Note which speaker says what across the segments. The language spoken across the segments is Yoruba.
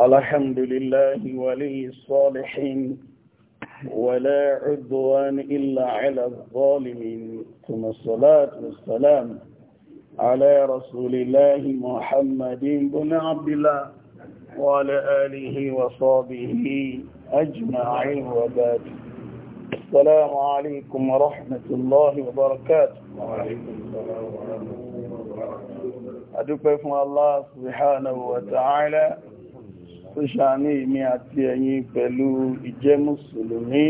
Speaker 1: الحمد لله ولي الصالحين ولا عدوان إلا على الظالمين ثم الصلاة والسلام على رسول الله محمد بن عبد الله وعلى آله وصحبه أجمعين وبعد السلام عليكم ورحمة الله وبركاته وعليكم السلام ورحمة الله وبركاته أدوكم الله سبحانه وتعالى ó ṣàánú èmi àti ẹ̀yin pẹ̀lú ìjẹ́ mùsùlùmí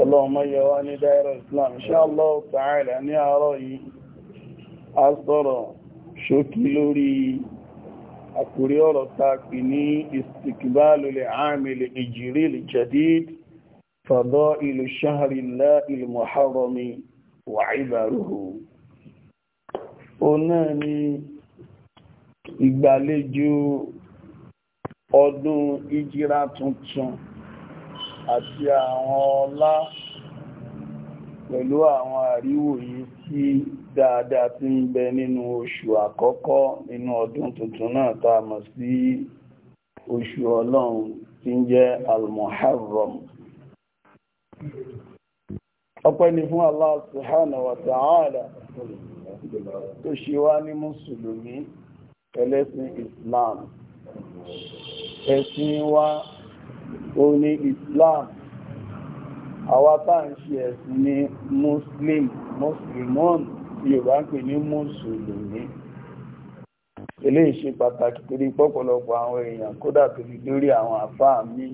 Speaker 1: ọlọ́mọ yọwá ní dáírà Islam Insha Allah Ta'ala ní àárọ̀ yìí a sọ̀rọ̀ ṣókí lórí àkórí ọ̀rọ̀ tààkì ní istiqbalul aamil hijril jadid fadailu ìgbàlejò ọdún ìjírá tuntun àti àwọn ọlá pẹ̀lú àwọn àríwòye sí dáadáa tí ń bẹ nínú oṣù àkọ́kọ́ nínú ọdún tuntun náà ta a mọ̀ sí oṣù ọlọ́run tí ń jẹ́ al-muharram ọpẹ́ ni fún Allah subhanahu tó ṣe wá ní mùsùlùmí ẹlẹ́sìn Islam ẹ̀sìn wa ó ní Islam àwa tá ń ṣe ẹ̀sìn ní Muslim Muslimon Yorùbá ń pè ní Mùsùlùmí eléyìí ṣe pàtàkì torí pọ̀pọ̀lọpọ̀ àwọn èèyàn kódà tó fi dórí àwọn àfáà mi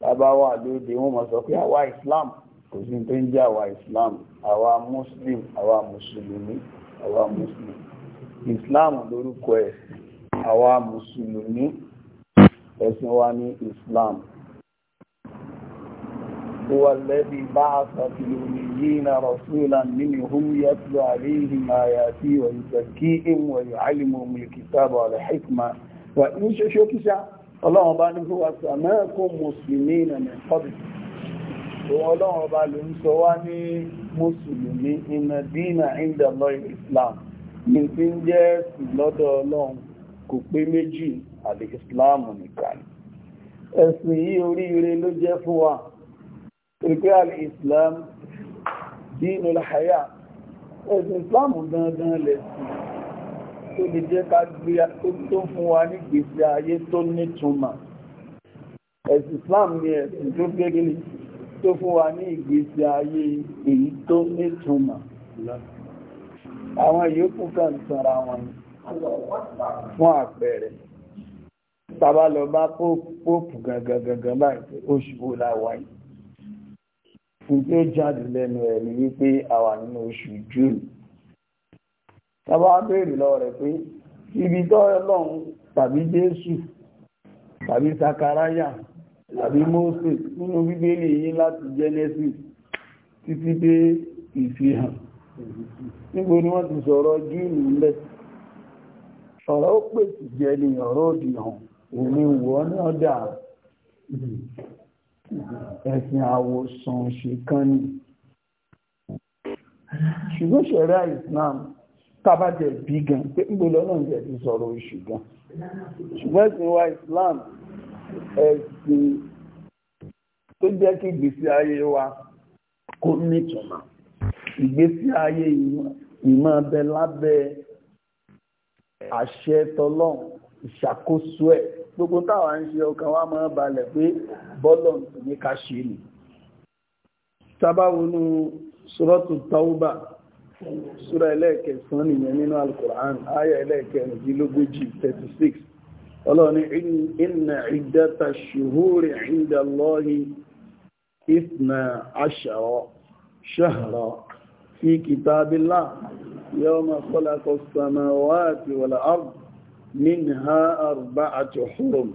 Speaker 1: bàbá wà lóde wọ́n mọ̀ sọ pé àwa Islam kò sí tó ń jẹ́ àwa Islam àwa Muslim àwa Mùsùlùmí àwa Muslim Islam lórúkọ ẹ̀sìn àwa Mùsùlùmí ẹ̀sìn wa ní Islam هو الذي بعث في الأميين رسولا منهم يتلو عليهم آياتي ويزكيهم ويعلمهم الكتاب والحكمة وإن شو كسا الله أبانا هو سماكم مسلمين من قبل والله أبانا سواني مسلمين إن الدين عند الله الإسلام من تنجس لدى الله كبير مجين àlè ìsìláàmù nìkan ẹ̀sìn yìí oríire ló jẹ́ fún wa pẹ̀lú àlè ìsìláàmù dínú láyà ẹ̀sìn ìsìláàmù dandan lẹ̀sìn tó lè jẹ́ ká gbé tó fún wa ní gbèsè ayé tó nítumọ̀ ẹ̀sìn islam ni ẹ̀sìn tó gbégélé fún àpẹẹrẹ bàbá lọ bá pópù gangan gangan báyìí oṣù wo la wà yìí fún tí ó jáde lẹ́nu ẹ̀ ní wípé àwa nínú oṣù june bàbá wa béèrè lọ́wọ́ rẹ̀ pé ibi tó lọ́hùn tàbí jésù tàbí sakaraya tàbí moses nínú bíbélì yìí láti genesis títí dé ìfihàn níbo ni wọ́n ti sọ̀rọ̀ june lẹ́sìn ọ̀rọ̀ ó pèsè jẹ́ ni ọ̀rọ̀ òdì omi wọ́ nọ́dà ẹ̀sìn àwòsàn ṣe kan ni ṣùgbọ́n ṣẹ̀rá Islam tàbájẹ̀ bí gan pé ń gbò lọ́nà jẹ́ ti sọ̀rọ̀ oṣù gan ṣùgbọ́n ẹ̀sìn wa Islam ẹ̀sìn tó jẹ́ kí ìgbésí ayé wa kó nítumọ̀ ìgbésí ayé ìmọ̀ bẹ lábẹ́ àṣẹ tọlọ́run ìṣàkóso ẹ̀ gbogbo táwa ń ṣe ọkàn wa máa balẹ̀ pé bọ́lọ̀ ní ká ṣe nì tábàwọnú sọ́rọ́tù taúbà súra ẹlẹ́ẹ̀kẹsàn nìyẹn nínú alkùrán ayà ẹlẹ́ẹ̀kẹrìndínlógójì 36 ọlọ́ni inna iddata shuhuri inda Allahi ithna ashara shahra fi kitabillah yawma khalaqa منها أربعة حرم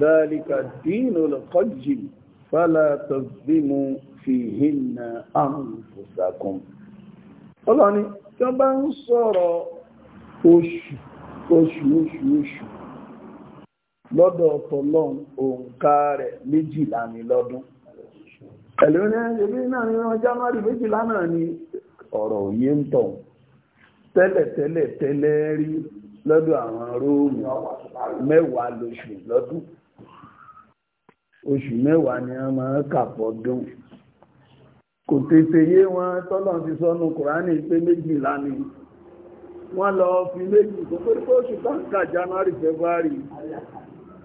Speaker 1: ذلك الدين القيم فلا تظلموا فيهن أنفسكم Ọlọ́run ni tí wọ́n bá ń sọ̀rọ̀ oṣù oṣù oṣù oṣù lọ́dọ̀ ọ̀tọ̀lọ́run òǹkà rẹ̀ méjìlá ní lọ́dún. Ẹ̀lú ní ẹgbẹ́ náà ní wọ́n January méjìlá náà ni ọ̀rọ̀ òye ń tọ̀ tẹ́lẹ̀ tẹ́lẹ̀ tẹ́lẹ̀ rí lọ́dọ̀ àwọn róòmù mẹ́wàá lóṣù lọ́dún oṣù mẹ́wàá ni a máa kàpọ̀ dùn kò tètè yé wọn tọ́lọ̀ ti sọ́nu kùránì pé méjìlá ni wọ́n lọ fi méjì kò pé kó oṣù táǹkà january february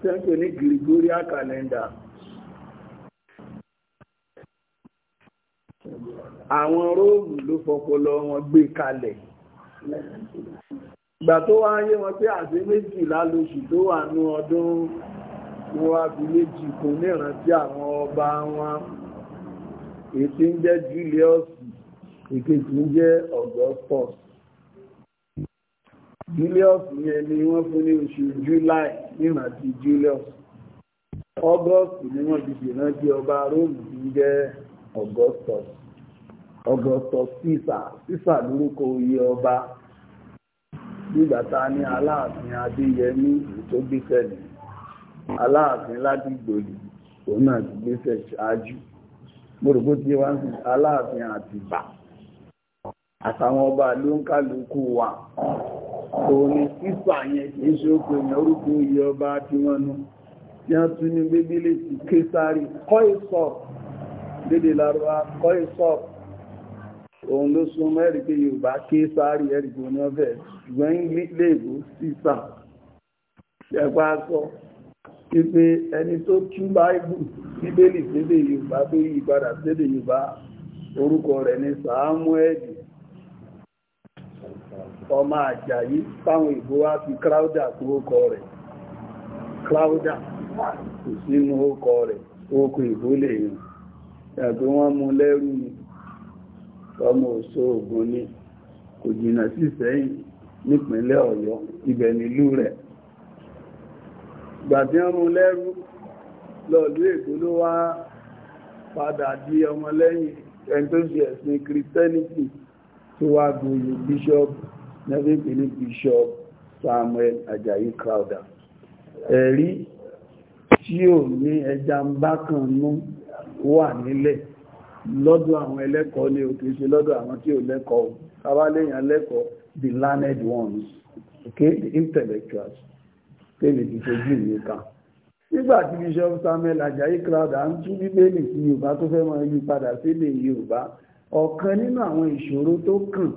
Speaker 1: tẹ́ǹpẹ̀ ní gregorian calendar àwọn róòmù ló fọpọlọ wọn gbé kalẹ̀ ìgbà tó wá yé wọn pé àti méjìlá lóṣù tó wà ní ọdún wọn wá fi méjì àwọn ọba wọn ètí ń jẹ́ Julius ìkejì ń jẹ́ Augustus Julius yẹn ni wọ́n fún ní oṣù July nírántí Julius August ni wọ́n ti ọba Rome ti ń Augustus Augustus Caesar Caesar lórúkọ ọba. nígbà tá a ní aláàfin adéyẹmí tó gbéṣẹ̀ lé aláàfin ládìgbòlì òun náà ti gbéṣẹ̀ ṣáájú mo rò bó ti wá sí aláàfin àtìbà àtàwọn ọba ló ń kálukú wa òun ni sísà yẹn kìí ṣe ó pè yàn orúkọ oyè ọba tí wọ́n nú tí wọ́n tún ní bíbélì ti késàrí kọ́ ìsọ̀ lédè lárúbá kọ́ ìsọ̀ òun ló súnmọ́ ẹ̀rí pé yorùbá ké sáré ẹ̀rí pé oní ọ̀fẹ́ ṣùgbọ́n léèbó sísà ṣẹ̀pá sọ pípé ẹni tó tú báìbù bíbélì sédè yorùbá tó yí padà sédè yorùbá orúkọ rẹ̀ ní sàámúẹ́lì ọmọ àjàyí táwọn ìbò wá fi kráúdà tó ókọ rẹ̀ kráúdà kò sínú ókọ rẹ̀ ókọ ìbò lè yàn ẹ̀gbẹ́ wọn mú lẹ́rú ni ọmọ òṣò ògùn ni kò jìnnà sí Ìsẹ́yìn nípínlẹ̀ Ọ̀yọ́ ibẹ̀ nílú rẹ̀ gbàtí ọmọ lẹ́rú lọ́ọ̀lú Èkó ló wá padà di ọmọlẹ́yìn ẹni tó ṣe tó wá gboyè bishop nevin bishop Samuel Ajayi Crowder ẹ̀rí tí ò ní ẹja ń bá kan nú wà nílẹ̀ lọ́dọ̀ àwọn ẹlẹ́kọ̀ọ́ ni òkè ṣe lọ́dọ̀ àwọn tí ò lẹ́kọ̀ọ́ kábáléyàn lẹ́kọ̀ọ́ the learned ones okay the intellectuals tẹ́lẹ̀ ti fojú ìwé kan nígbà tí bishop samuel ajayi crowder ń bíbélì sí yorùbá tó fẹ́ máa yí padà yorùbá ọ̀kan nínú àwọn ìṣòro tó kàn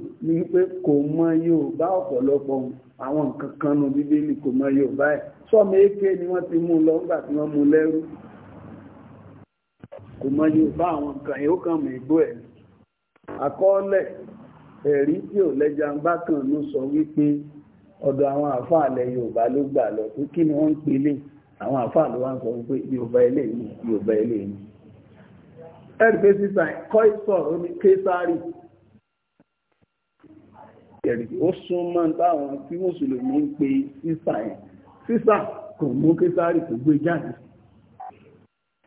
Speaker 1: pé kò mọ yorùbá ọ̀pọ̀lọpọ̀ àwọn nǹkan kan nu bíbélì kò mọ yorùbá ẹ̀ ni wọ́n ti mú lọ nígbà tí wọ́n kò mọ Yorùbá àwọn nǹkan yìí ó kàn mọ ìgbó ẹ̀ àkọọ́lẹ̀ ẹ̀rí tí ò lẹ́jà ń bá kàn ló sọ wípé ọ̀dọ̀ àwọn àfáà lẹ Yorùbá ló gbà lọ pé kí ni wọ́n ń pelé àwọn àfáà ló wá ń sọ wípé Yorùbá ilé ni Yorùbá ilé ni ẹ̀rí pé sísà kọ́ ìsọ̀rọ̀ ní késárì ẹ̀rí ó súnmọ́ táwọn tí mùsùlùmí ń pe sísà yẹn sísà kò mú késárì kò gbé jáde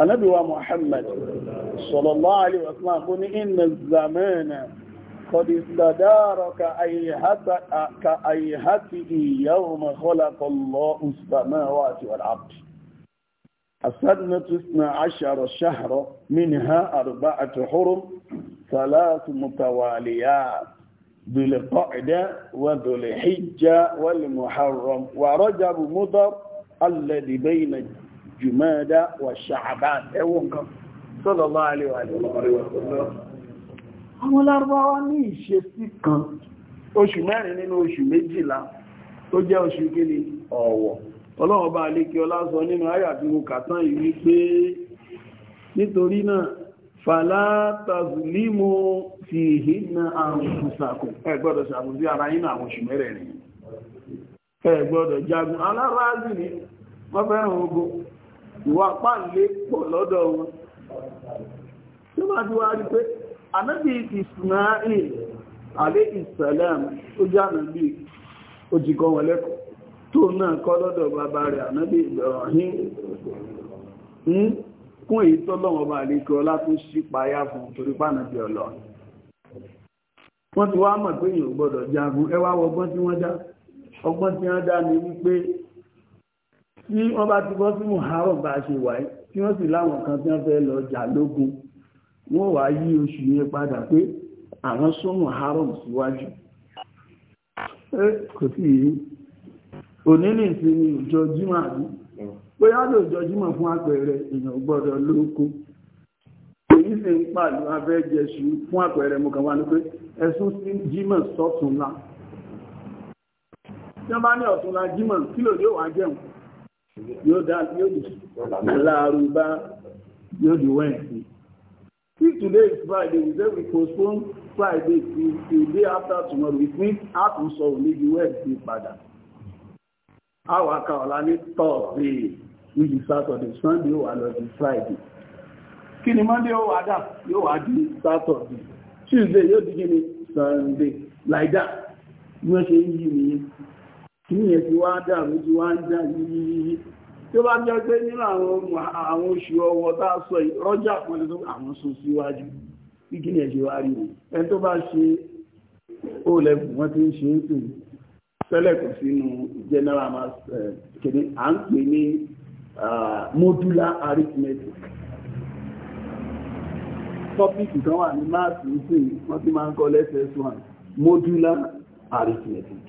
Speaker 1: أنا النبي محمد صلى الله عليه وسلم قل إن الزمان قد استدار كأيهته يوم خلق الله السماوات والأرض السنة تسنى عشر شهر منها أربعة حرم ثلاث متواليات ذو القعدة وذو الحجة والمحرم ورجب مضر الذي بين jùmọ́dá wà ṣàbán ẹwọ nǹkan sallallahu alaihi wa sallam àwọn lárúbáwá ní ìṣesí kan oṣù mẹ́rin nínú oṣù méjìlá tó jẹ́ oṣù kíni ọ̀wọ̀ ọlọ́wọ́ bá alékí ọlá sọ nínú àyà tí mo kà tán yìí wípé nítorí náà fàlá tàzùlímù fi ìhìnà jagun alárázì ni wọ́n fẹ́ràn ogun ìwà páàlé pọ̀ lọ́dọ̀ wọn tí ó máa fi wá rí pé anábì Ismail alayhi salam ó jáàmù bí ó ti kọ́ wọn lẹ́kọ̀ọ́ tó náà kọ́ lọ́dọ̀ bàbá rẹ̀ anábì Ibrahim kún hmm? èyí tọ́lọ́wọ́ bá lè kọ́ látó sí payá fún torí pànàbí ọlọ́run wọ́n ti wá mọ̀ pé èèyàn gbọ́dọ̀ jagun ẹwà ọgbọ́n tí wọ́n dá ọgbọ́n tí wọ́n dá ní wípé ní wọ́n bá ti bọ́ sí muharram bá ṣe wà tí wọ́n sì láwọn kan tí wọ́n fẹ́ lọ jà lógun wọ́n wá yí oṣù yẹn padà pé àwọn sún muharram síwájú kò sí yìí òní ní ìsinmi ìjọ jímọ̀ àbí pé yádò ìjọ jímọ̀ fún àpẹẹrẹ èèyàn gbọ́dọ̀ lóko èyí sì ń pàlú abẹ́jẹsù fún àpẹẹrẹ mọ̀kàn wá ní pé ẹ̀sùn sí jímọ̀ sọ́túnlá tí wọ́n bá ní ọ̀túnlá jímọ̀ kí ló dé wàá jẹun yóò di láàrúbá yóò di wẹ́ǹsì. If today is Friday, we say we postpone Friday till the day after tomorrow, it means a tún sọ òní di wẹ́ǹsì padà. Àwọn akàwọ̀lá ní Thursday, which is Saturday, Sunday ó wà lọ Friday. Kí ni Monday ó wà dà? Yóò wà di Saturday. Tuesday yóò di kí ni Sunday. Like that, bí wọ́n ṣe ń yí nìyẹn kí yẹn ti wá dàrú ti wá ń jà yìí tí ó bá jẹ́ pé nínú àwọn oṣù ọwọ́ tá a sọ rọ́jà pọ̀lú tó àwọn sún síwájú bí kí yẹn ṣe wá rí wọn ẹ tó bá ṣe ó lẹ́kùn wọ́n ti ń ṣe ń tù tẹ́lẹ̀ sínú general mass kìíní à ń pè ní modular arithmetic tọ́pìkì kan wà ní máàsì ń sìn wọ́n ti máa ń kọ́ lẹ́sẹ̀ one modular arithmetic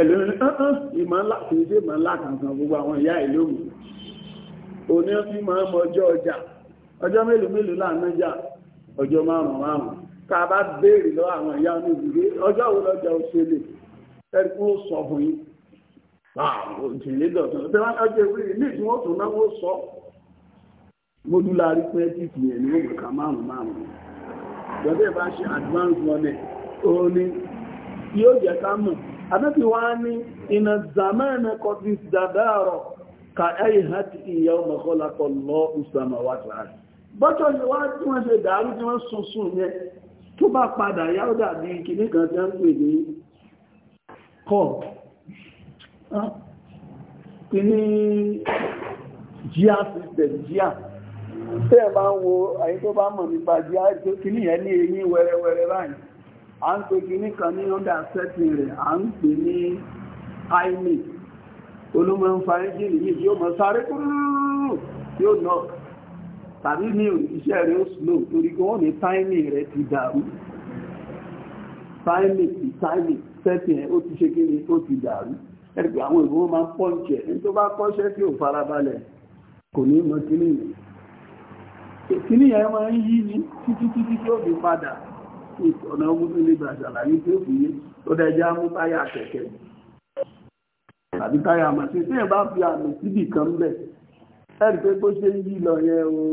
Speaker 1: ẹ̀lẹ́rin ọ́n ìmọ̀ ńlá kìí sí ìmọ̀ ńlá kankan gbogbo àwọn ìyá ìlú mi o ní ọ́n fi máa ń mọ ọjọ́ ọjà ọjọ́ mélòó mélòó láàmẹ́jà ọjọ́ márùn-ún márùn-ún ká bá béèrè lọ àwọn ìyá ní ìdílé ọjọ́ wo lọ́jà òṣèlè ẹni kó sọ fún yín láàrùn òṣèlè dọ̀tún ọjọ́ ìwúrí ní ìdí wọ́n ní òwò anábì wá ní iná zamana kọjú dàbẹ́rọ̀ ka ẹ̀yì hàtì ìyá ọmọkọ́lápọ̀ lọ ìsàmà wà tààrí bọ́tọ̀ yìí wá tí wọ́n ṣe dàrú tí wọ́n sunsun yẹn tó bá padà yá ó dàbí kìíní kan tí wọ́n pè ní kọ́ kìíní jíà system jíà tẹ́ẹ̀ bá ń wo àyíkó bá mọ̀ nípa jíà kìíní yẹn ní eyín wẹ́rẹ́wẹ́rẹ́ báyìí à ń pè kí nìkan ní ọ́dà sẹ́tìn rẹ̀ à ń pè ní àìní olómọ ń fa ẹ́jìnì yìí yóò mọ̀ sáré kúrúrú yóò nọ tàbí ní iṣẹ́ rẹ̀ ó slow torí kí wọ́n ní táìmì rẹ̀ ti dàrú táìmì ti táìmì sẹ́tìn ẹ̀ ó ti ṣe kíni ó ti dàrú ẹ̀rùpẹ̀ àwọn ìwọ́n máa ń pọ́ǹkì ẹ̀ ní tó bá kọ́ṣẹ́ tí ò farabalẹ̀ kò ní mọ̀ kíní yẹn kíní yẹn máa ń yí ní títí títí tí ó fi padà ọ̀nà ọmọdé lè gbà ṣàlàyé tí ó fi yé tó dẹjá mú táyà kẹ̀kẹ́ tàbí táyà màṣẹ tí ẹ bá fi àmì síbì kan bẹ̀ ẹ̀rí pé bó ṣe ń yí lọ yẹn o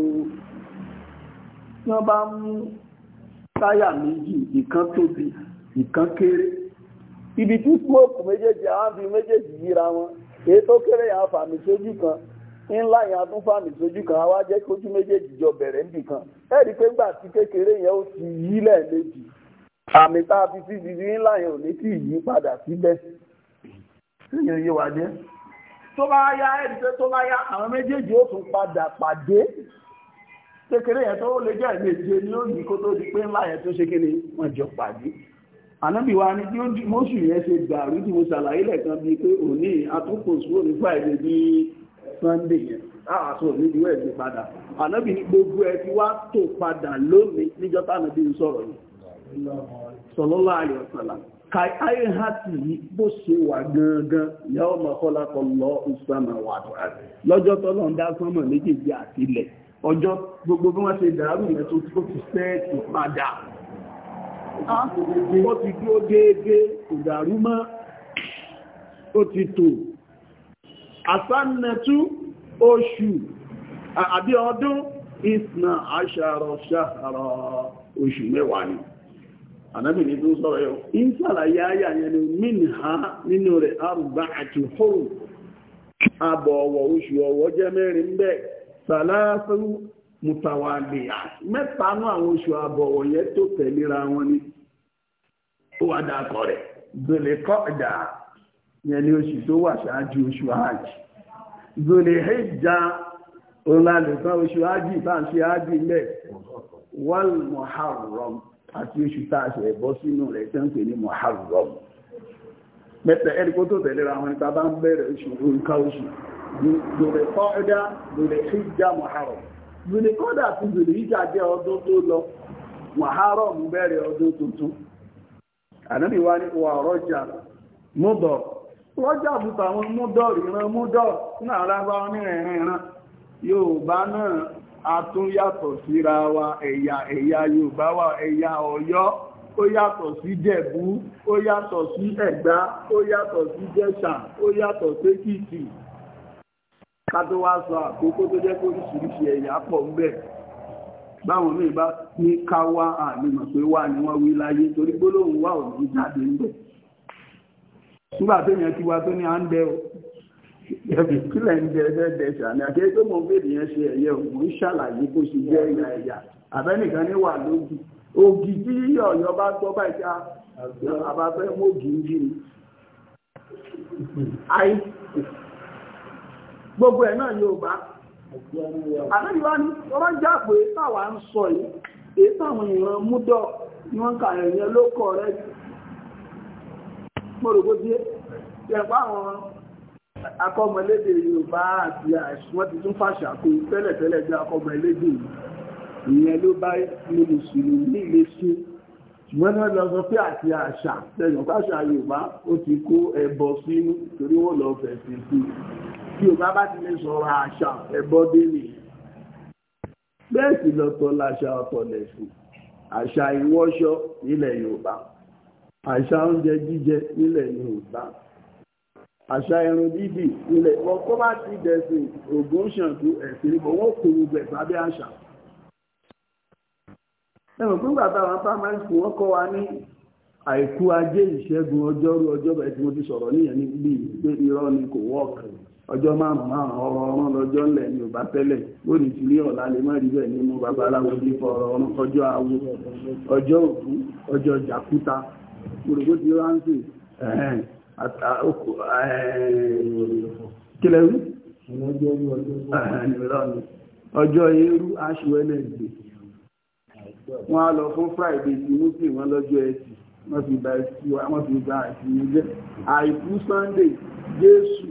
Speaker 1: tí wọ́n bá mú táyà méjì ìkan tóbi ìkan kéré ibi tí smoke méjèèjì àwọn fi méjèèjì yíra wọn èyí tó kéré yà fàmì sójú kan ńlá yà tún fàmì sójú kan àwa jẹ́ kójú méjèèjì jọ bẹ̀rẹ̀ níbì ẹ̀rí pé ńgbà tí kékeré yẹn ó ti yí lẹ́ẹ̀mejì àmì tá a fi sí ibi ńlá yẹn ò ní tí yí padà síbẹ̀. síyẹn yé wa jẹ́ tó bá yá ẹ̀rí pé tó bá yá àwọn méjèèjì ó tún padà pàdé kékeré yẹn tó lè jẹ́ ẹ̀mejì ni ó yí kó tó di pé ńlá yẹn tó ṣe kí ni wọ́n jọ pàdé ànábì wa ni bí mọ́ṣù yẹn ṣe gbàrú tí mo ṣàlàyé lẹ́ẹ̀kan bíi pé òní àtúnkò sùúrù ní àṣọ ah, ah, nídìí wẹ́ẹ̀ ní padà ànábì ní gbogbo ti wá tó padà lónìí níjọ́ tánàbí ń sọ̀rọ̀ yìí sọlọ́lá àlẹ́ọ̀sọ̀lá ayé ha ti yí bó ṣe wà ọmọ lọ ìsàmà wà lọ́jọ́ tọ́lọ́ ń dá sánmọ̀ méjèèjì àti ilẹ̀ ọjọ́ gbogbo bí wọ́n ṣe tó ti sẹ́ẹ̀tì padà ó ti dúró mọ́ ó ti tò oṣù àbí ọdún ìsìnà àṣàrọ̀ ṣàrọ̀ oṣù mẹ́wàá ni ànábì ní tó sọ̀rọ̀ yọ ń sàlàyé ayà yẹn ni nínú rẹ̀ arba'atu hurum àbọ̀ ọ̀wọ̀ oṣù jẹ́ mẹ́rin mùtàwàlìyà mẹ́ta àwọn oṣù àbọ̀ ọ̀wọ̀ yẹn tó wọn ni ó wá dákọ̀ rẹ̀ yẹn ni oṣù tó wà ṣáájú oṣù zulhijja olùlànìkan oṣù ájì bá ń ṣe ájì lẹ̀ wal muharram àti oṣù tá a ṣe ẹ̀bọ́ sínú rẹ̀ tẹ́ ń pè ní muharram mẹ́tẹ̀ ẹni kó tó tẹ̀lera àwọn ìta bá ń bẹ̀rẹ̀ oṣù nǹkan oṣù lórí kọ́ọ̀dá lórí hijja muharram lórí kọ́ọ̀dá àti lórí hijja jẹ́ ọdún tó lọ muharram bẹ̀rẹ̀ ọdún tuntun rọ́jà bùtà àwọn múdọ̀ ìran múdọ̀ náà rábá onírìnrìnran Yorùbá náà a tún yàtọ̀ síra wa ẹ̀yà ẹ̀yà Yorùbá wa ẹ̀yà Ọ̀yọ́ ó yàtọ̀ sí Jẹ̀bú ó yàtọ̀ sí Ẹ̀gbá ó yàtọ̀ sí Jẹ̀ṣà ó yàtọ̀ sékìtì ká àkókò tó jẹ́ kó ẹ̀yà pọ̀ ń bẹ̀ báwọn míì bá ní ká wá àmì mọ̀ pé wá ni wọ́n wí láyé torí gbólóhùn wà ò jáde ń bẹ̀ nígbà tó yẹn ti wá tó ní à ń bẹ o ẹbí kílẹ̀ ń jẹ ẹgbẹ́ dẹ̀ṣà ní àkẹ́yẹ́ mọ̀ fẹ́ ṣe ẹ̀yẹ òmù ń ṣàlàyé bó ṣe jẹ́ ẹ̀yà àbẹ́nìkan ní wà lójú ògì tí bá báyìí ah, gbogbo náà yóò bá bá já pé táwa ń sọ yìí èyí táwọn èèyàn mú mọ̀rògbó díẹ̀ ẹ̀pá àwọn akọ́mọlédè Yorùbá àti wọ́n ti tún fàṣà kó tẹ́lẹ̀tẹ́lẹ̀ jẹ́ akọ́mọlédè ìyẹn ló bá ní mùsùlùmí lè ṣe ṣùgbọ́n náà lọ sọ pé àti àṣà tẹ̀yàn fàṣà Yorùbá ó ti kó ẹbọ sínú torí wọ́n lọ fẹ̀ sí sí Yorùbá bá ti lè sọ̀rọ̀ àṣà ẹbọ dé nìyẹn bẹ́ẹ̀ sì lọ́tọ̀ láṣà ọ̀tọ̀ lẹ̀sùn àṣà ìwọṣọ ilẹ̀ Yorùbá àṣà oúnjẹ jíjẹ nílẹ̀ Yorùbá àṣà irun dídì nílẹ̀ wọn kó bá ti dẹ̀sìn ògùn ṣàǹkú ẹ̀sìn ìbọn wọn kò gbogbo ẹ̀ sábẹ́ àṣà ẹ̀rùn fún bàbá àwọn primary school kọ́ wa ní àìkú ajé ìṣẹ́gun ọjọ́rú tí mo ti sọ̀rọ̀ níyẹn ní bí irọ́ ni kò wọ́ọ̀kì ọjọ́ márùn gbogbo ti wá ń sè kílẹ̀ rú ọjọ́ eérú aṣù ẹlẹ́gbẹ̀ wọ́n á lọ fún friday tí mú sí wọ́n lọ́jọ́ ẹtì wọ́n fi gba ẹtì wọ́n fi gba ẹtì ní jẹ́ àìkú sunday jésù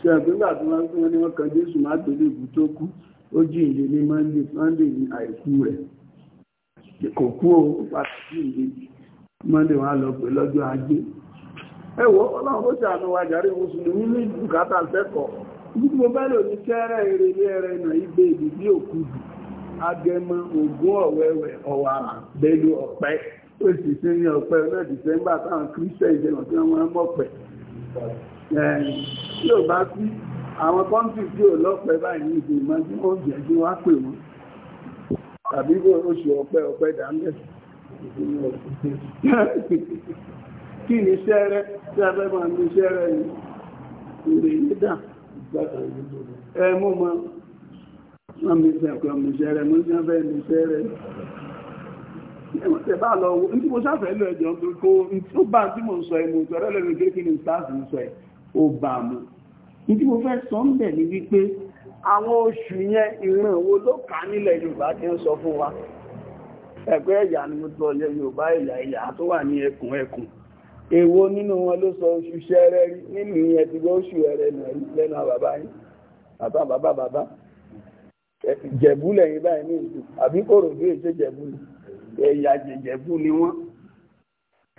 Speaker 1: ṣẹ̀gbẹ́gbà tí wọ́n fún wọn ní wọ́n kan jésù má tẹ̀lé ìbú tó kú ó Mọ́ndé wọn lọ pé lọ́jọ́ ajé. Ẹ wò ọlọ́run ó ṣàánú wa jàrí mùsùlùmí ní bùkátà sẹ́kọ̀ọ́. Ibi tí mo bá lò ní kẹ́rẹ́ eré ní ẹrẹ ìnà igbe ìdí bí òkúdù, agẹmọ, ògún ọ̀wẹ́wẹ̀, ọ̀wàrà, bẹ́lú ọ̀pẹ. Ó sì sí ní ọ̀pẹ náà Dìsẹ́mbà táwọn kírísítẹ̀ ìjẹun tí wọ́n mọ̀pẹ̀. Tí ò bá sí àwọn kọ́ńtì tí ò lọ́pẹ báyìí ní ìgbìmọ̀ tí wọ́n jẹ́ kí wọ́n pè wọ́n kí ni iṣẹ́ rẹ̀ tí a fẹ́ máa ní iṣẹ́ rẹ̀ ni ìrè nídà ẹ mú ma wọ́n mi fẹ́ pé ọmọ iṣẹ́ rẹ̀ mú sí afẹ́ ní iṣẹ́ rẹ̀ ẹ̀mọ́tẹ̀ bá lọ wo ní mo sáfẹ́ lọ ẹ̀jọ́ pé kó ó bá tí mo sọ ẹ̀mọ́ ìtọ́rẹ́ lẹ́nu pé kí ni sáàsì ń sọ ẹ̀ ó bá ẹ̀pẹ́ ẹ̀yà ni mo tọ́ ọ̀yẹ́ Yorùbá ẹ̀yà ẹ̀yà tó wà ní ẹkùn ẹkùn èwo nínú wọn ló sọ oṣù ṣẹrẹ rí nínú ìyẹn ti gbọ́ oṣù ẹrẹ lẹ́nu àbàbá yín bàbá bàbá bàbá jẹ̀bú lẹ́yìn báyìí ní ìlú àbí èṣe jẹ̀bú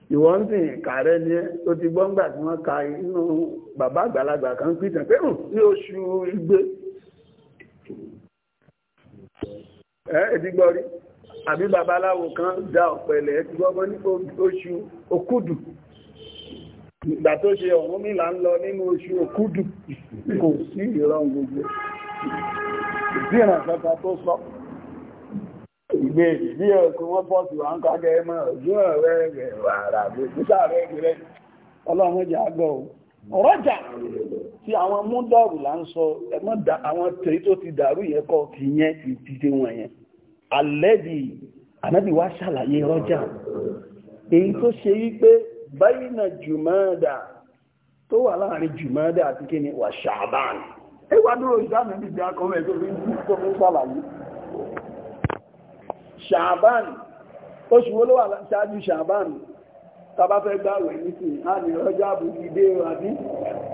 Speaker 1: ni wọ́n ń sìn tó ti gbọ́ ńgbà tí wọ́n ka inú bàbá àgbàlagbà kan igbe àbí babaláwo kan dá ọ̀pẹ̀lẹ̀ tí gbọ́gbọ́n ní oṣù òkúdù ìgbà tó ṣe Ọ̀rúnmìlà ń lọ nínú oṣù òkúdù kò sí ìran gbogbo ìdíran kẹta tó sọ ìgbé ìdí ẹ̀kùn wọ́n bọ́ sí wọn kágẹ́ mọ́ ọjọ́ rẹ̀ rẹ̀ wàrà gbogbo rẹ̀ rẹ̀ ọlọ́run jẹ́ àgbọ̀ rọ́jà tí àwọn múdọ̀rù là ń sọ ẹ̀mọ́ àwọn tèyí tó ti dàrú yẹ kọ́ kì yẹn ti ti wọn yẹn alẹ́bì ànábì wá ṣàlàyé rọ́jà èyí tó ṣe wípé báyìnà jùmọ́dà tó wà láàrin jùmọ́dà àti kí ni wà ṣàbán ẹwà dúró ìdáàmì bí i akọ́wẹ́ tó fi ń tó fi ṣàlàyé ṣàbán oṣù wo ló wà ṣáájú ṣàbán tá bá fẹ́ gbàwẹ̀ nísìnyí á ní rọ́jà àbújí dé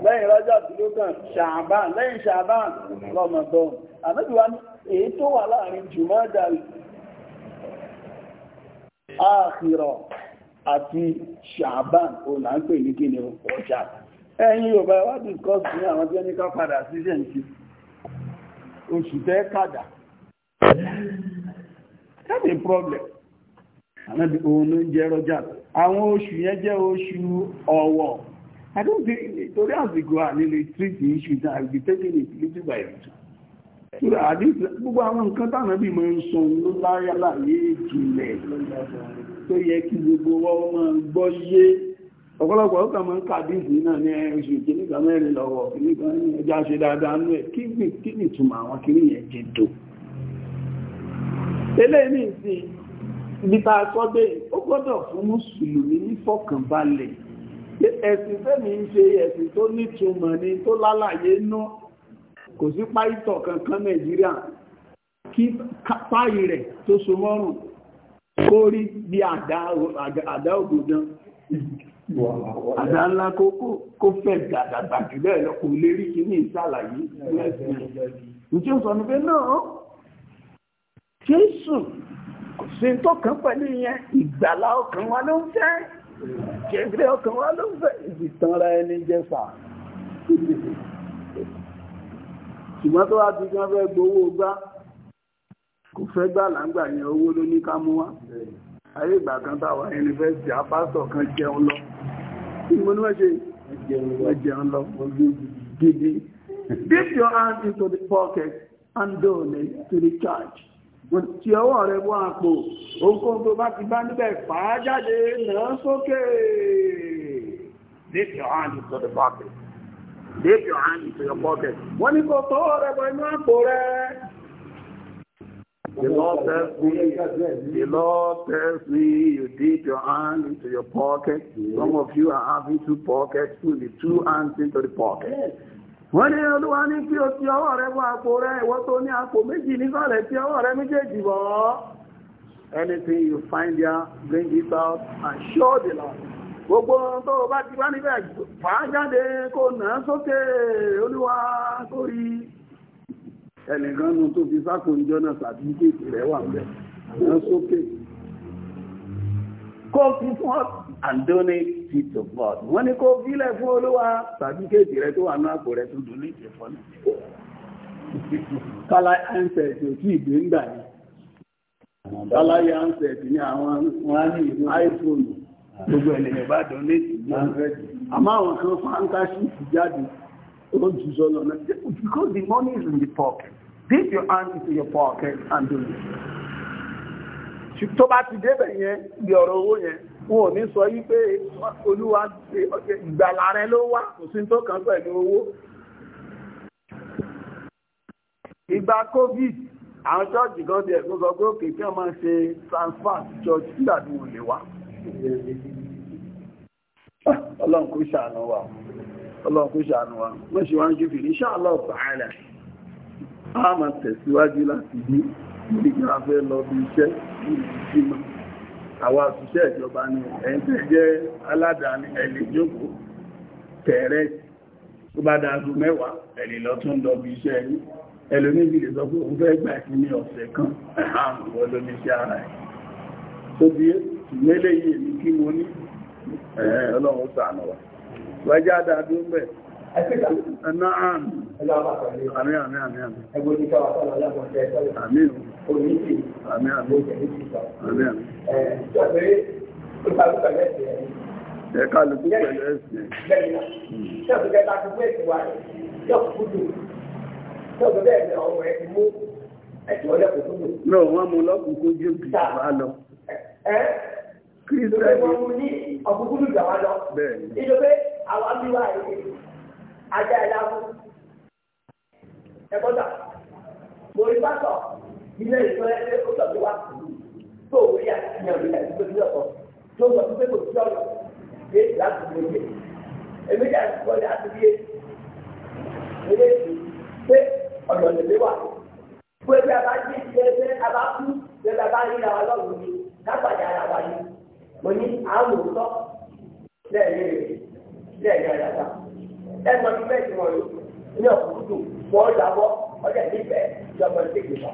Speaker 1: lẹ́yìn rọ́jà tìlógàn ṣàbán lẹ́yìn ṣàbán lọ́mọdún àmẹ́bíwá èyí tó wà láàrin àti ṣàbán o ń pè ní kí ni ọjà ẹ̀yìn yóò bá ní àwọn padà sí oṣù that's problem àmẹ́bí òun ló ń jẹ́ rọ́jà àwọn oṣù yẹn jẹ́ I don't think, so as we go and really treat the issues, I will be taking it little by little. So that at least, gbogbo àwọn nǹkan táwọn ẹbí máa ń sọ ló láyà láyé ìjìnlẹ̀ tó yẹ kí gbogbo wọn máa gbọ́ yé. Ọ̀pọ̀lọpọ̀ ọkàn máa ń ka díìsì náà ní oṣù kìíní kan mẹ́rin lọ́wọ́ kìíní kan ní ẹja ṣe dáadáa nú ẹ̀ kí ni kí ni ìtumọ̀ àwọn kìíní yẹn ti dò. Eléyìí ní ìsìn ibi tá a sọ dé, ó gbọ́dọ̀ fún Mùsùlùmí ní fọkànbalẹ̀ ẹ̀sìn tẹ́mi ń ṣe ẹ̀sìn tó nítumọ̀ ni tó lálàyé ná kò sí páìtọ̀ kankan nàìjíríà kí páì rẹ̀ tó so mọ́rùn kó rí bí àdá ògùdán àdá ńlá kó fẹ́ dàdàgbà jù bẹ́ẹ̀ lọ kò lè rí kí ní ìsàlàyé ǹjẹ́ ó sọ ní pé náà jésù kò sí tọ́kàn pẹ̀lú ìyẹn ìgbàlá ọkàn wa ló ń fẹ́ jẹ́gbẹ́ ọkàn wá ló fẹ́ ìtànra ẹni jẹ́fà ṣùgbọ́n tó wá ti kí wọ́n fẹ́ gbowó gbá kò fẹ́ gbà láǹgbà yẹn owó ló ní ká ayé ìgbà kan táwa yunifásitì apásọ̀ kan jẹun lọ tí mo ní wọ́n ṣe jẹun lọ dip your hand into the pocket and donate to the church tí ọwọ́ rẹ̀ wọ́n àpò ohunkóhun tó bá ti bá níbẹ̀ pàá jáde náà sókè dip your hand into your pocket dip your hand into your pocket wọ́n ní kò tọ́wọ́ rẹ̀ bọ inú àpò rẹ̀ The Lord tells me, the Lord tells me, you dip your hand into your pocket. Some of you are having two pockets, put the two hands into the pocket wọ́n ní olúwa ní kí o ti ọwọ́ rẹ wọ àpò rẹ ìwọ tó ní àpò méjì nísàlẹ̀ tí ọwọ́ rẹ méjèèjì bọ̀ anything you find there bring it out and show the Lord gbogbo tó bá ti wá níbẹ̀ fà á jáde kó nà á sókè olúwa kó rí ẹnìkan nu tó fi sáko ìjọ náà sàtífíkèètì rẹ wà ń bẹ nà á sókè kó fi fún ọ and donate it to God wọ́n ní kó fílẹ̀ fún olúwa sàtífíkẹ́tì rẹ tó wà ní àpò rẹ tó dùn ní ìfẹ́ náà kálá ansẹ̀tì ò tí ìgbé ń gbà ní kálá yẹ ansẹ̀tì ní àwọn iPhone gbogbo ènìyàn bá dùn ní ìgbẹ́ àmọ́ àwọn kan fáńtáṣì jáde ó jù sọ náà because the money is in the pocket dip your hand into your pocket and do it tó bá ti débẹ̀ yẹn bí ọ̀rọ̀ owó yẹn wọn ò ní sọ yí pé olúwa ìgbàlà rẹ ló wá kò sí tó kàn pẹ̀lú owó ìgbà covid àwọn chọ́ọ̀jì kan ti ẹ̀kún sọ pé òkè kí wọ́n máa ṣe transfer church nígbà tí wọ́n lè wá ọlọ́run kó ṣàánú wa ọlọ́run kó ṣàánú wa wọ́n ṣe wọ́n ń jùfì ní ṣàlọ́ ọ̀pàálẹ̀ a máa tẹ̀síwájú láti bí nígbà fẹ́ lọ bí iṣẹ́ ìgbìmọ̀ àwọn àṣìṣẹ́ ìjọba ni ẹ̀yin tẹ́ jẹ́ aládàáni ẹ̀lẹ́ jókòó tẹ̀rẹ́ tó bá dáadọ́ mẹ́wàá ẹ̀lẹ́ lọ́tún dọ̀bí iṣẹ́ yìí ẹlòmíbì lè sọ pé òun fẹ́ gbà sí ní ọ̀sẹ̀ kan àrùn ọlọ́mí iṣẹ́ ara ẹ̀ wa wájá dáadọ́ Ẹ̀nàán. Àmì àmì Ẹ̀ ìjọba ó ta lókè lẹ́sẹ̀ ẹ̀. rẹ̀?
Speaker 2: Ṣé ọ̀kúdù? Ṣé ọ̀gbẹ́ bẹ́ẹ̀ ni ọ̀rọ̀ ẹ̀ ti mú ẹ̀jọ̀ lẹ́kùnkúndù? Náà wọ́n mú lọ́kùnkún jù kì í ajá ẹ̀dá fún ẹ̀kọ́jà mòrí pásọ̀ ilé ìfẹ́ ẹgbẹ́ ó tọ̀jú wá tó òwe yà ìyàn rí ẹ̀dí tó ti ọ̀kọ́ tó sọ fún pé kò sí ọ̀nà pé láti lè yé èmi jà ń sọ ní àtúnyé ilé ìfẹ́ pé ọ̀nà lè wà pé bí a bá jí ìṣe ẹgbẹ́ a bá kú bí a bá rí ra wa ni lágbàdá ara wa ni mo ní àwọn òótọ́ lẹ́ẹ̀lẹ́rẹ́ lẹ́ẹ̀lẹ́rẹ́ ẹ mọ ní bẹ́ẹ̀ tí wọ́n lò ní ọ̀pọ̀ dúdú wọ́n yàgbọ́ ọjà nífẹ̀ẹ́ ìjọba ní tèkè sọ.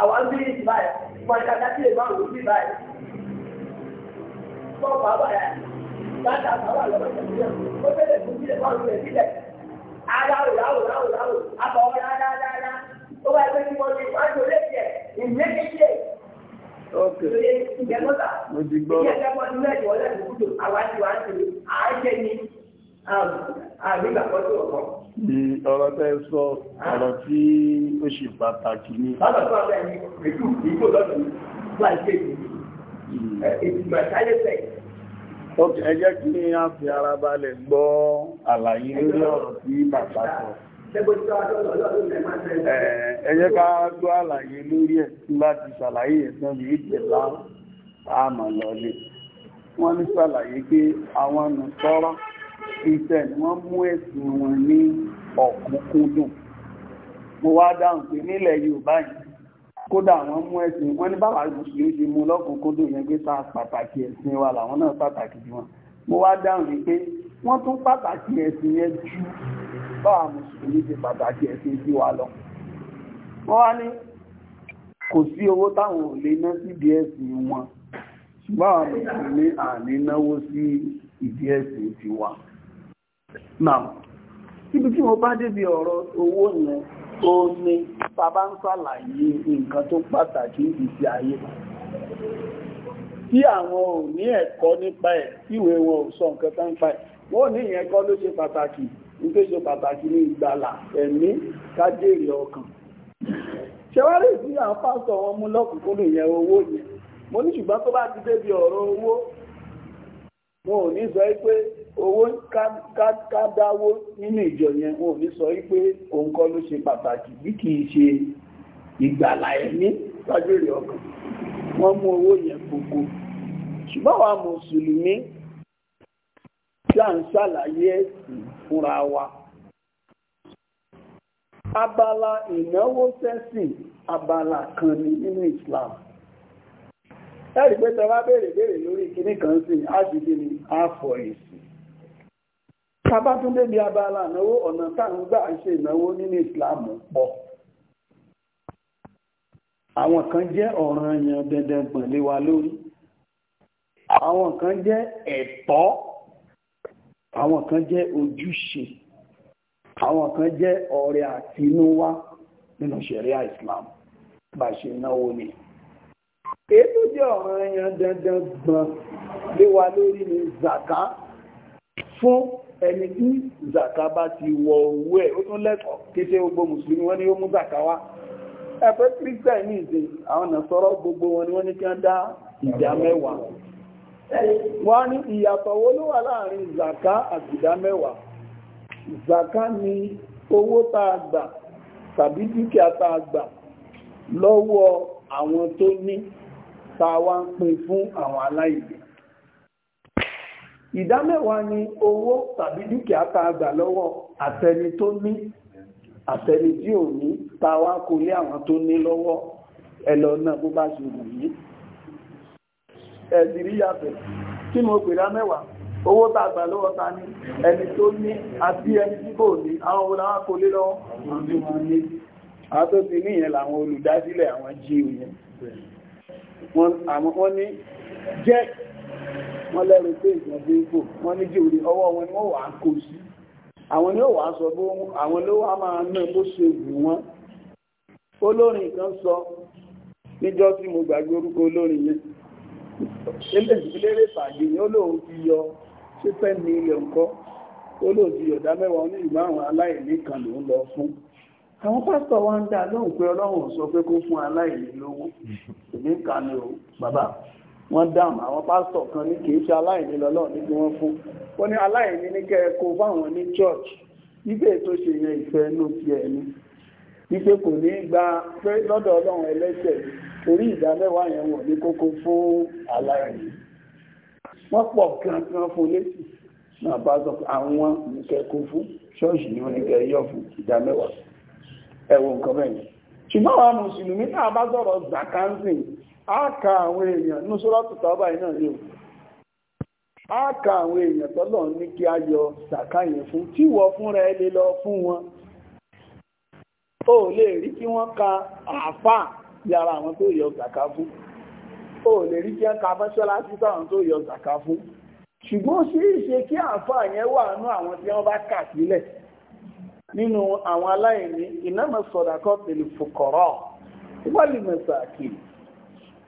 Speaker 2: àwọn ń bí ìgbà yẹn wọn ìta dá sí ìgbà yẹn. fọ́ọ̀mù àbáyà bàtà àbáwà lọ́wọ́ ìṣẹ̀lẹ̀ ó fẹ́lẹ̀ fún sílẹ̀ máa ń ó wá ẹgbẹ́ tí wọ́n ti wá jò Ah, ọ̀rọ̀
Speaker 1: tẹ́ sọ ọ̀rọ̀ tí ó ṣe pàtàkì ní. Bọ́lá tó ọ̀rẹ́ ni ètò ìgbò lọ́dún láìpé hmm. eh, ìgbìmọ̀ Ẹ jẹ́ kí a fi ara balẹ̀ gbọ́ àlàyé lórí ọ̀rọ̀ tí bàbá sọ.
Speaker 2: Eh, ẹ jẹ́
Speaker 1: ká gbọ́ àlàyé lórí ẹ̀ láti ṣàlàyé ẹ̀sán yìí jẹ̀lá àmàlọ́lé. Wọ́n ní ṣàlàyé pé àwọn nùsọ́rọ̀ Christian wọ́n mú ẹ̀sìn wọn ní ọ̀kúnkúndùn mo wá dáhùn pé nílẹ̀ Yorùbá yìí kódà wọ́n mú ẹ̀sìn wọ́n ní bàbá mùsùlùmí ṣe mú lọ́kùnkúndùn yẹn pé ta pàtàkì ẹ̀sìn wa làwọn náà pàtàkì wọn mo wá dáhùn ní pé wọ́n tún pàtàkì ẹ̀sìn yẹn ju bàbá mùsùlùmí ṣe pàtàkì ẹ̀sìn sí wa lọ wọ́n wá ní kò sí owó táwọn ò lè ná síbi ẹ̀sìn wọn ṣùgbọ́n àwọn mùsùlùmí à ní náwó sí ìdí ẹ̀sìn tiwa. náà ibi tí mo bá débi ọ̀rọ̀ owó ní ó ní bàbá ń ṣàlàyé nǹkan tó pàtàkì ìgbésí ayé tí àwọn ò ní ẹ̀kọ́ nípa ẹ̀ tíwé wọn ò sọ nǹkan tán pa ẹ̀ wọ́n ní ìyẹn kọ́ ló ṣe pàtàkì ṣe pàtàkì ní ìgbàlà ẹ̀mí kájèrè ọkàn àwọn wọn mú ìyẹn owó yẹn mo ní ṣùgbọ́n tó bá ti débi ọ̀rọ̀ owó ò ní sọ pé owó kádáwó nínú ìjọ yẹn wọn ò ní sọ wípé òun kọ́ ló ṣe pàtàkì bí kìí ṣe ìgbàlá ẹ̀mí lágbèrè ọkàn wọ́n mú owó yẹn gbogbo ṣùgbọ́n wa mùsùlùmí tí à ń ṣàlàyé ẹ̀sìn fúnra wa abala ìnáwó sẹ́sìn abala kan ni nínú Islam ẹ̀rí pé tẹ́wá béèrè béèrè lórí kinní kan sí àdìdí ni àfọ̀ èsì tábà tún débi abala ìnáwó ọ̀nà táwọn gbà ń ṣe ìnáwó nínú ìsìláàmù pọ̀ àwọn kan jẹ́ ọ̀ranyàn dandan gbọ̀nlé wa lórí àwọn kan jẹ́ ẹ̀tọ́ àwọn kan jẹ́ ojúṣe àwọn kan jẹ́ ọrẹ àtinúwá nínú ṣẹ̀ríà Islam bá ṣe náwó ni èyí tó jẹ́ ọ̀ranyàn dandan gbọ̀n lé wa lórí ni zaka fún ẹni tí zaka bá ti wọ owó ẹ̀ ó tún lẹ́tọ̀ọ́ kéṣe gbogbo musulmi wọ́n ó mú zaka wá ẹgbẹ́ kírísítẹ̀ ní àwọn gbogbo wọn ni wọ́n ní kí wọ́n dá ìdá mẹ́wàá wọ́n ní ìyàtọ̀ láàrin zaka àti ìdá zaka ni owó tá a gbà tàbí dúkìá tá a gbà lọ́wọ́ àwọn tó ní tá a wá ń ìdámẹ́wàá ni owó tàbí dúkìá tá a gbà lọ́wọ́ àtẹni tó ní àtẹni tí ò ní ta wá kó lé àwọn tó ní lọ́wọ́ ẹ lọ náà bó bá ṣe wù yí ẹ̀sì rí yàtọ̀ tí mo pè dámẹ́wàá owó tá a lọ́wọ́ ta ní ẹni tó ní àti ẹni tí kò ní àwọn owó làwọn lé lọ́wọ́ àwọn tó làwọn olùdásílẹ̀ àwọn jíìwì yẹn wọ́n ní jẹ́ wọ́n lẹ́rù pé ìgbọ̀n fi ń fò wọ́n ní jòrè ọwọ́ wọn ni wọ́n wà á kó sí àwọn ni ó wà á sọ bó àwọn ló wà máa ná bó ṣe wù wọ́n olórin kan sọ níjọ́ tí mo gbàgbé orúkọ olórin yẹn eléjìlérè fàájì ni ó lóun ti yọ ṣípẹ́ ní ilẹ̀ ńkọ́ ó lóun ti yọ̀dá mẹ́wàá ní ìgbà àwọn aláìní kan lòún lọ fún àwọn pásítọ̀ wa ń dá lóhùn pé ọlọ́run sọ pé kó fún aláìní lówó èmi kan ni o bàbá wọ́n dáhùn àwọn pásítọ̀ kan ní kìí ṣe aláìní lọ́lọ́ ní bí wọ́n fún wọ́n ní aláìní ní kẹ́ẹ̀kọ́ fáwọn ní church ibẹ̀ tó ṣe yẹn ìfẹ́ inú ti ẹ̀mí wípé kò ní gba pé lọ́dọ̀ ọlọ́run ẹlẹ́sẹ̀ torí ìdámẹ́wàá yẹn wọ̀ ní kókó fún aláìní wọ́n pọ̀ kankan fún lẹ́sì náà pásítọ̀ àwọn ní kẹ́ẹ̀kọ́ fún ṣọ́ọ̀ṣì ni wọ́n ní kẹ́ẹ̀yọ̀ fún ìdámẹ́wàá ẹ̀wọ̀n nǹkan mẹ́rin ṣùgbọ́n àwọn mùsùlùmí náà bá sọ̀rọ̀ zakansin á ka àwọn èèyàn ní sọ́lọ́tù tábà yìí náà yóò á ka àwọn èèyàn tọ́lọ̀ ní kí a yọ sàká yẹn fún tí wọ́n fúnra ẹ lè lọ fún wọn ó lè rí kí wọ́n ka àáfàá yàrá àwọn tó yọ sàká fún ó lè rí kí wọ́n ka mọ́ṣáláṣí táwọn tó yọ sàká fún ṣùgbọ́n ṣe é ṣe kí àáfàá yẹn wà nú àwọn tí wọ́n bá kà sílẹ̀ nínú àwọn aláìní ìnáma sọ̀dàkọ́ pẹ̀lú fòkọ̀rọ̀ wọ́n lè mọ̀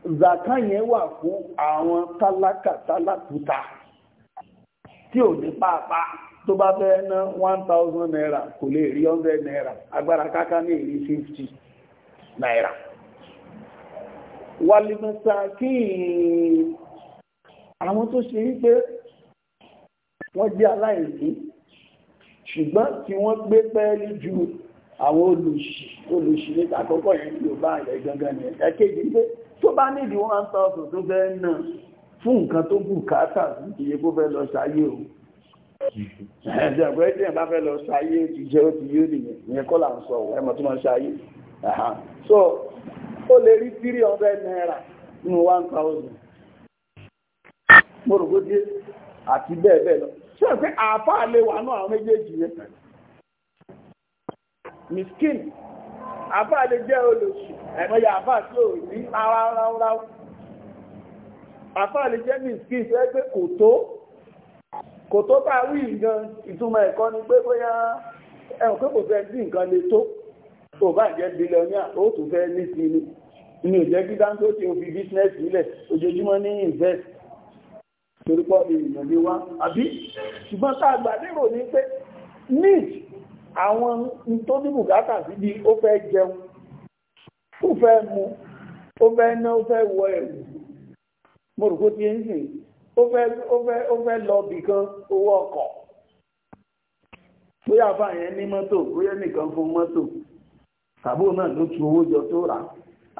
Speaker 1: zaka yẹn wà fún àwọn tálákà tálákùtà tí ò ní pàápàá tó bá fẹ́ ná one thousand naira kò lè rí hundred naira agbára káká ní èrí fifty naira. wàlìmọ̀sá kí àwọn tó ṣe wípé wọ́n jẹ́ aláìní ṣùgbọ́n tí wọ́n gbé pẹ́ẹ́lí ju àwọn olùṣì olùṣì ní àkọ́kọ́ yẹn tí ó bá ilẹ̀ gangan nìyẹn ẹ̀kejì pé bá nídi one thousand tó fẹ́ náà fún nǹkan tó bù káàtà iye kó fẹ́ lọ ṣayé o ẹ̀jẹ̀ pé tí ẹ̀ bá fẹ́ lọ ṣayé ti jẹ́ ó ti so ó lè rí three hundred mo rò bó dé àti bẹ́ẹ̀ bẹ́ẹ̀ lọ ṣé pé àáfàá lè wà náà àwọn méjèèjì yẹn miskin àbá lè jẹ́ olóṣù ẹ̀mọ́yà àbá tí ò rí ara ráúráú àbá lè jẹ́ mìsíkì fẹ́ pé kò tó kò tó bá wí nǹkan ìtumọ̀ ẹ̀kọ́ ni pé bóyá ẹ̀wọ̀n pé kò fẹ́ sí nǹkan lè tó tó bá jẹ́ bílíọ̀nìà ó tún fẹ́ ní sí ni ní ò jẹ́ kí dáńtó tí ó fi business sílẹ̀ ojoojúmọ́ ní invest torípọ̀ èèyàn lé wá àbí ṣùgbọ́n tá a gbà lérò ní pé need àwọn tó ní bùkátà sí bí ó fẹ́ jẹun ó fẹ́ mu ó fẹ́ ná ó fẹ́ wọ ẹ̀rù mo rò kó ti ń sìn ó fẹ́ ó fẹ́ ó fẹ́ lọ bìkan owó ọkọ̀ bóyá fáyẹn ní mọ́tò bóyá nìkan fún mọ́tò tàbí òun náà ló tu owó jọ tó rà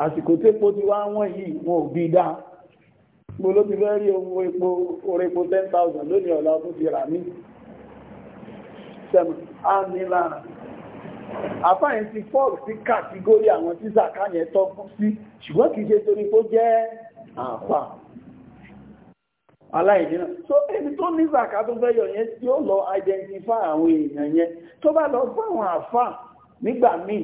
Speaker 1: àsìkò tépo ti wá wọ́n yìí wọn ò bí dáa mo ló ti fẹ́ rí ohun epo orí epo ten thousand lónìí ọ̀la ọdún ti rà mí sẹ́mu àmìlànà àfáyìn ti fọ́ọ̀lù sí kàtígórí àwọn tí zaka yẹn tọ́ fún sí ṣùgbọ́n kìí ṣe torí kó jẹ́ àfà aláìdínà so ẹni tó ní zaka tó fẹ́ yọ yẹn tí ó lọ identify àwọn èèyàn yẹn tó bá lọ fáwọn àfà nígbà míì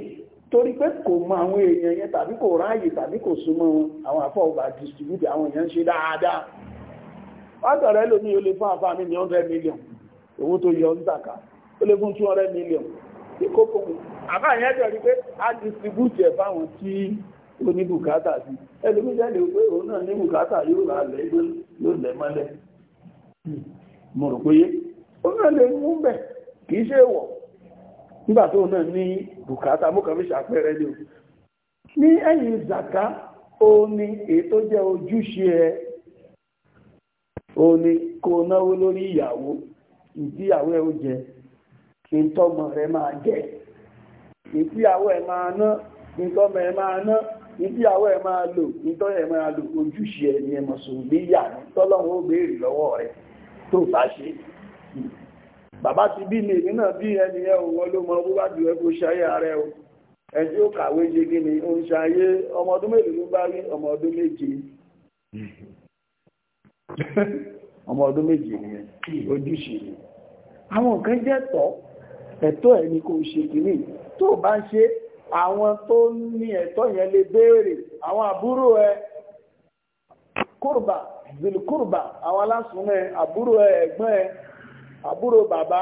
Speaker 1: torí pé kò mọ àwọn èèyàn yẹn tàbí kò ráàyè tàbí kò súnmọ́ wọn àwọn àfà ọba distribute àwọn èèyàn ṣe dáadáa wọ́n tọ̀rẹ́ lómi ó lè fún àfà mi ní 100 million owó tó yọ ń zaka ó lé fún 200 million tí kó kó àbá yẹn jọ rí pé a distribute ẹ̀ fáwọn tí ó ní bùkátà sí ẹlòmíjẹ́ lè pé òun náà ní bùkátà yóò rà lẹ́ yóò lẹ́ mọ́lẹ̀ mo rò pé ó náà lè mú bẹ̀ kì í ṣe wọ̀ nígbà tó náà ní bùkátà mo kàn fi ṣàpẹẹrẹ ni o ní ẹ̀yìn zaka ó ní èyí tó jẹ́ ojúṣe ẹ ó ní kó náwó lórí ìyàwó ìdíyàwó ẹ ó jẹ ìtọ́mọ rẹ̀ máa jẹ ìtíyàwó ẹ̀ máa ná ìtọ́mọ ẹ̀ máa ná ìtíyàwó ẹ̀ máa lò ìtọ́ ẹ̀ máa lò ojúṣe ẹ̀ yà ní tọ́lọ́run ó lọ́wọ́ rẹ̀ tó bá bàbá ti bí lè náà bí ẹni ẹ ò bá ẹ kó ṣayé o tí ó ẹ̀tọ́ ẹ̀ ni kò ṣe kìíní tó bá ń ṣe àwọn tó ní ẹ̀tọ́ yẹn lè béèrè àwọn àbúrò ẹ kúrùbà zilkúrùbà àwọn alásùnmọ́ ẹ àbúrò ẹ ẹ̀gbọ́n ẹ àbúrò bàbá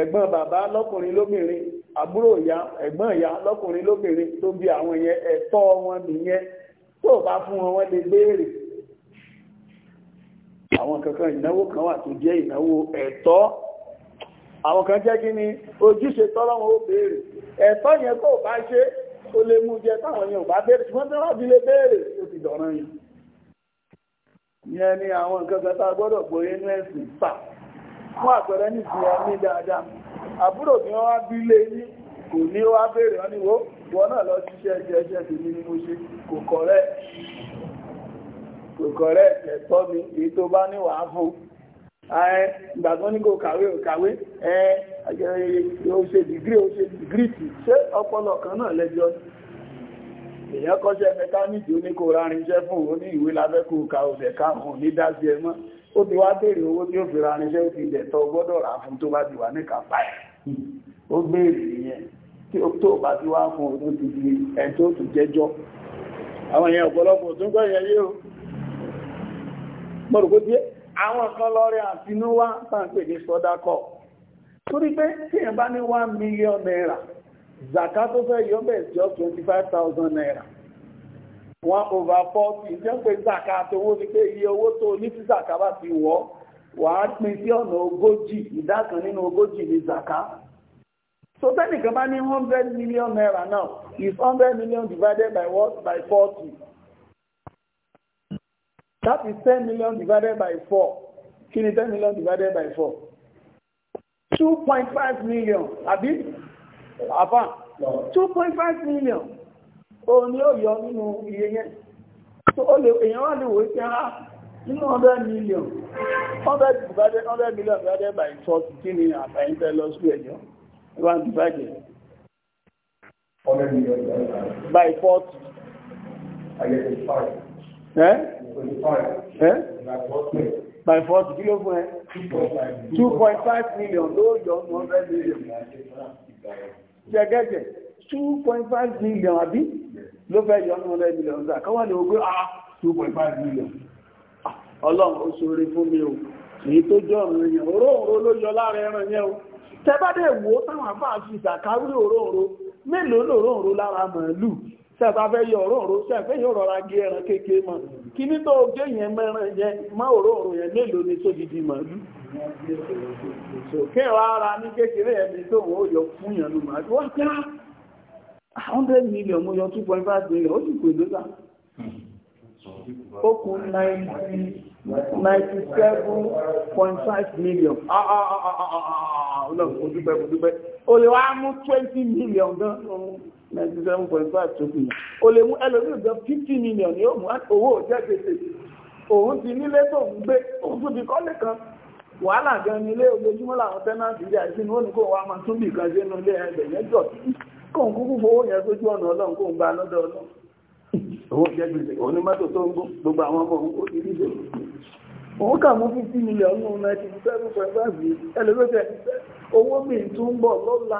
Speaker 1: ẹ̀gbọ́n bàbá lọ́kùnrin lóbìnrin àbúrò ìyá ẹ̀gbọ́n ìyá lọ́kùnrin lóbìnrin tó bí àwọn yẹn ẹ̀tọ́ wọn nìyẹn tó bá fún wọn lè béèrè àwọn kankan ìnáwó kan wà tó jẹ́ ìnáwó ẹ̀tọ́ àwọn kan jẹ́ kí ni ojúṣe tọ́lọ́wọ́n ó béèrè ẹ̀tọ́ yẹn kò bá ṣe ó lè mú jẹ táwọn yẹn ò bá béèrè ṣùgbọ́n tí wọ́n fi lè béèrè ó ti dọ̀ràn yìí yẹn ni àwọn nǹkan kan tá a gbọ́dọ̀ gbòye inú ẹ̀sìn fà fún àpẹẹrẹ ní ìsìn ẹ̀mí dáadáa àbúrò ni wọ́n wá bí lé ní kò ní wá béèrè wọn ni wo wọn náà lọ ṣiṣẹ́ ẹ̀jẹ̀ ẹ̀ṣẹ̀ tèmi ni mo ṣe kò kọ̀rẹ́ kò kọ̀rẹ́ ẹ̀tọ́ mi èyí tó bá ní wàá fún ìgbàgbọ́n ní kò kàwé ò kàwé ẹ ó ṣe dìgírì ó tì ṣé ọpọlọ kan náà lẹ́jọ́ èèyàn kọ́ṣẹ́ mẹkáníìkì ó ní kò rárin fún òun ní ìwé lábẹ́ kò ka òdẹ̀ ká òun ní dásí ẹ ó ti wá béèrè owó tí ó rà fún tó bá ti wà ní kàpá ẹ̀ ó béèrè tí ó tó bá ti wá àwọn èèyàn ọ̀pọ̀lọpọ̀ tó ń kọ́ o mọ̀rùkú àwọn kan lọ́rẹ àtinúwá tàǹpè ní sọ́dákọ̀ torí pé tí ẹ̀ bá ní one million naira zaka tó fẹ́ yọ bẹ̀ jọ twenty five thousand naira one over forty jẹ́ pé zaka tó wó ni pé iye owó tó ní tí zaka bá ti wọ́ wàá pín sí ọ̀nà ogójì ìdá kan nínú ogójì ní zaka so tẹ́nìkan bá ní hundred million naira now is hundred million divided by what by forty That is 10 million divided by 4. Kí 10 million divided by 4? 2.5 million. Àbí? Àfà. 2.5 million. O ni ó yọ nínú iye yẹn. So all the èèyàn wà lè wò ó sí ara 100 million. 100 divided 100 million divided by 4 kí ni àfàyín tẹ lọ sí ẹjọ́? One divided. 100 million divided by 40. I get it 5. Eh? Eh? by forty kí ló ẹ two point five million ló yọ ọmọ ọmọ million jẹgẹjẹ two point five million àbí ló fẹ́ yọ ọmọ ọmọ million ṣáà káwọn lè wọ pé ah two point five million ah, ọlọ́run ó ṣoore fún mi o èyí tó jọ ọ̀rọ̀ yẹn òróǹro ló yọ lára ẹran yẹn o tẹ bá dẹ̀ wò ó táwọn sẹ́ẹ̀bá fẹ́ yọ òróòró sẹ́ẹ̀fẹ́ yóò rọra gé ẹran kékeré mọ́ kí ní tó gé yẹn mẹ́ran yẹn mọ́ òróòró yẹn mélòó ni sódìdí màálù kéwà ara ní kékeré ẹni tó wọ́n yọ fún yẹn ló màálù wọ́n kí á hundred million mo yọ two point five million ó sì pè lóta ó kún ninety seven point five million ah, ah, ah, ọlọ́run ó dúpẹ́ ó dúpẹ́ ó lè wá mú twenty million gan-an ninety seven point five tó fi o lè mú ẹlòmíràn gan fifty million ni ó mú owó jẹ́ gbèsè òun ti nílé tó ń gbé òun tó fi kọ́lé kan wàhálà gan ni ilé ojoojúmọ́ làwọn tẹ́nàtì ilé àìsínú ó ní kó wa máa tún bì kan sínú ilé ẹgbẹ̀ yẹn jọ kóun kúkú fowó yẹn sójú ọ̀nà ọlọ́run kóun gba lọ́dọ̀ ọlọ́run owó jẹ́ gbèsè òun ní mọ́tò fifty million nù ninety seven point five ẹlẹ́gbẹ̀ẹ́ owó mi tún ń bọ̀ lọ́la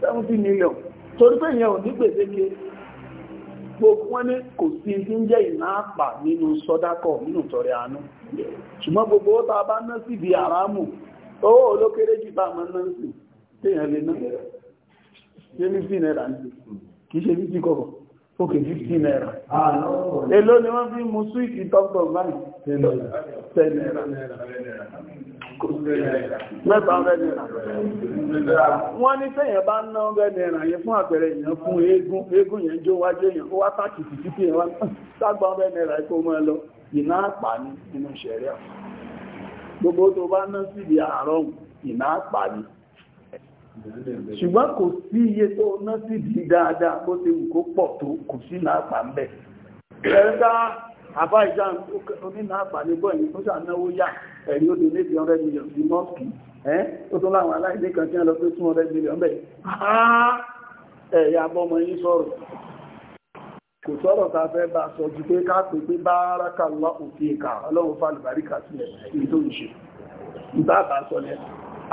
Speaker 1: seventy million torí pé ìyẹn ò ní gbèdéke gbogbo wọn ní kò sí ní jẹ́ ìná àpà nínú sọ́dákọ̀ nínú tọrẹ àánú ṣùgbọ́n gbogbo ó ta bá ná sí ibi àrámù owó olókéré jù bá máa ná sí téèyàn lè ná ṣe 15 naira ní kìí ṣe 50 kọ̀kọ̀ ókè 15 naira èló ni wọ́n fi mú súwìtì tọ́gbọ̀n báyìí 10 naira mẹ́ta ọ̀rẹ́ nìra wọ́n ní tẹ́yẹ̀ bá ná ọ̀rẹ́ nìra yẹn fún àpẹẹrẹ èèyàn fún eégún eégún yẹn jó wájú èèyàn ó wá títí yẹn wá sàgbà ọ̀rẹ́ nìra mọ́ lọ ìná àpà ní inú gbogbo tó bá ná síbi àárọ̀ ìná àpà ní ṣùgbọ́n kò sí iye tó ná síbi dáadáa bó ti wù kó pọ̀ tó kò sí ìná àbá ìjà onínà àpàlẹ́gbọ́ yìí tó ṣànáwó yà ẹ̀rí ó lè ní ti hundred million sí mọ́ọ̀kì ẹ́ ó tún láwọn aláìní kan tí wọ́n lọ pé two hundred million bẹ́ẹ̀ ẹ̀yà abọ́mọ yín sọ̀rọ̀ kò sọ̀rọ̀ ta fẹ́ bá sọ ju pé ká pè pé báraka lọ òfin ìka ọlọ́run fa àlùbáríkà sílẹ̀ èyí tó ń ṣe ìbá àbá sọ yẹn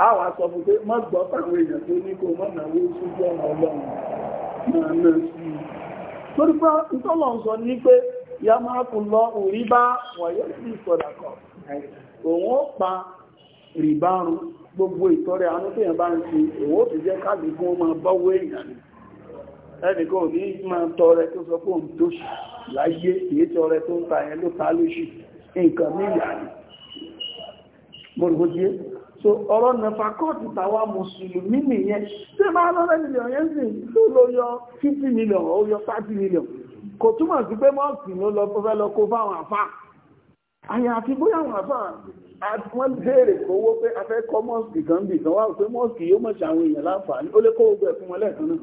Speaker 1: a wà sọ fún pé mọ́ gbọ́ fáwọn èèyàn tó ní kó mọ́ náwó sójú ọ̀nà ọlọ́run náà náà sí i torí pé ìtọ́lọ̀ ń sọ ní pé yá máa kù lọ òríbá wọ̀nyẹ́ sí ìsọ̀dàkọ̀ òun ó pa rìbárun gbogbo ìtọrẹ àánú tó yẹn bá ń fi òun ó fi jẹ́ káàdì fún ọmọ bọ́wọ́ èèyàn ni ẹnìkan ò ní máa tọrẹ tó sọ fóun tó ṣì láyé èyí tọrẹ tó ń ta yẹn ló ta lóṣì nǹkan níyà ni mọ̀rọ̀gbọ́dé so ọ̀rọ̀ nẹfà kọ́ọ̀tù tàwa mùsùlùmí nìyẹn tí máa lọ́rẹ́ mílíọ̀n yẹn sì tó lọ yọ 50 mílíọ̀n ó yọ 30 mílíọ̀n kò túmọ̀ sí pé mọ́ọ̀sì ló lọ fẹ́ lọ kó fáwọn àfà àyàfi bóyá àwọn àfà wọ́n béèrè kówó pé a kọ́ mọ́ọ̀sì kan bì kan wá pé mọ́ọ̀sì yóò mọ̀ṣẹ̀ àwọn èèyàn láǹfààní ó lè kó gbogbo fún wọn lẹ́ẹ̀kan náà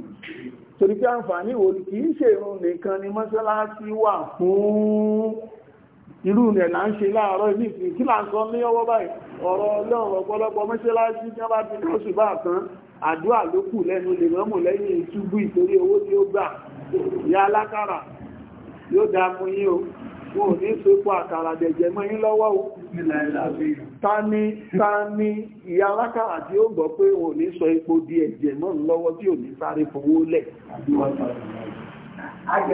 Speaker 1: torí pé àǹfààní wo kì í ṣe irun nìkan ni mọ́ṣáláṣí wà fún irú rẹ̀ là ń ṣe láàárọ̀ ní ìsìn kí là ń sọ ní ọwọ́ báyìí ọ̀rọ̀ ọlọ́run ọ̀pọ̀lọpọ̀ mọ́ṣáláṣí tí wọ́n bá ti lọ́sùn bá kan àdúrà ló kù lẹ́nu lè mọ́mù lẹ́yìn ìtúbù ìtorí owó tí ó gbà ìyá alákàrà yóò dá fún yín o wọn ò ní sopọ̀ àkàrà dẹ̀jẹ̀ mọ́ yí lọ́wọ́ o ta ni ta ni ìyá alákàrà tí ó gbọ́ pé wọn ò ní sọ epo di ẹ̀jẹ̀ náà lọ́wọ́ tí ò ní sáré fowó lẹ̀